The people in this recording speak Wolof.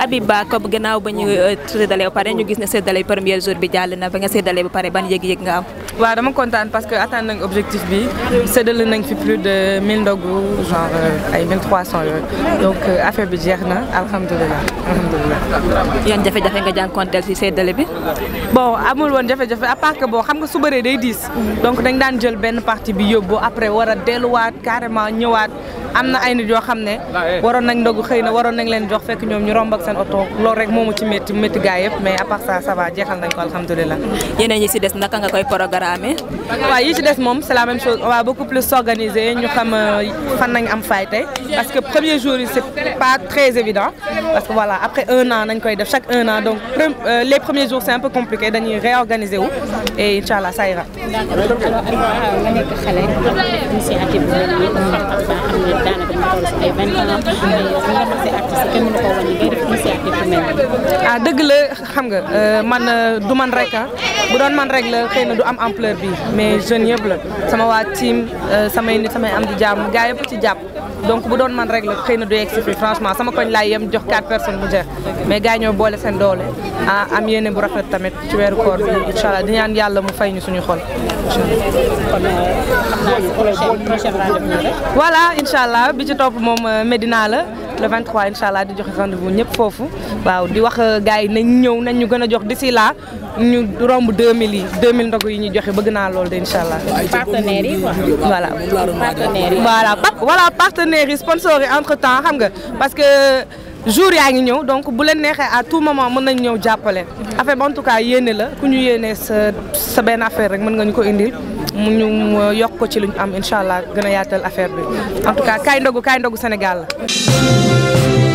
Abiba Cob gannaaw ba ñu euh, séddale ba pare ñu gis ne séddale premier jour bi jàll na ba nga séddale ba pare ban yëg-yëg nga am. waaw dama kontaan parce que atteindre nañ objectif bi séddale nañ fi plus de 1000 ndogu genre euh, ay 1300 yooyu donc euh, affaire bi jeex na alhamdulilah alhamdulilah. yan jafe-jafe nga jànkuwanteel si séddale bi. bon amul woon jafe-jafe a part que boo xam nga su bëree day diis. donc dañ daan jël benn partie bi yóbbu après war a delluwaat carrément ñëwaat. am na ay nit yoo xam ne ah, eh. waroon nañ ndogu xëy na waroon nañ leen jox fekk ñoom ñu romb ak seen oto loolu rek moomu ci métti métti gaay yëpp mais à part ça ça va jeexal nañ ko alhamdulilah yeneen yi si des naka nga koy programmer waaw yi ci des moom c'est la même chose on va beaucoup plus s'organiser ñu xam euh, fan nañ am faay tey parce que premier jour yi c'est pas très évident parce que voilà après un an nañ koy def chaque un an donc euh, les premiers jours c'est un peu compliqué dañuy réorganiser wu et incha respect maintenant xam ah dëgg la xam nga euh, man euh, du man rek ah. bu doon man rek la xëy na du am ampleur bi mais jeune yëpp la sama waa team euh, samay nit samay am di jàmm gars yëpp ci jàpp. donc bu doon man rek xëy na du yegg sama koñ laay yem jox quatre personnes mu jeex mais gars ñoo boole seen doole ah am yeneen bu rafet tamit ci weeru koor bi incha di ñaan yàlla mu fay ñu suñu xol. voilà incha allah bi ci topp moom euh, Medina la la 23 incha allah di joxe rendez-vous ñëpp foofu waaw di wax euh, gars yi nañ ñëw nañ ñu gën a jox d'ici là ñu romb 2000 yi 2000 ndogu yi ñu joxe bëgg naa loolu de incha allah. partenaires yi quoi. voilà partenaires yi. voilà voilà partenaires yi entre temps xam nga parce que jour yaa ngi ñëw donc bu leen neexee à tout moment mën nañ ñëw jàppale. affaire bi en tout cas yéene la ku ñu yéenee sa sa benn affaire rek mën nga ñu ko indi mu ñu yokk ko ci lu ñu am incha allah gën a yaatal affaire bi en tout cas kaay ndogu kaay ndogu Sénégal la.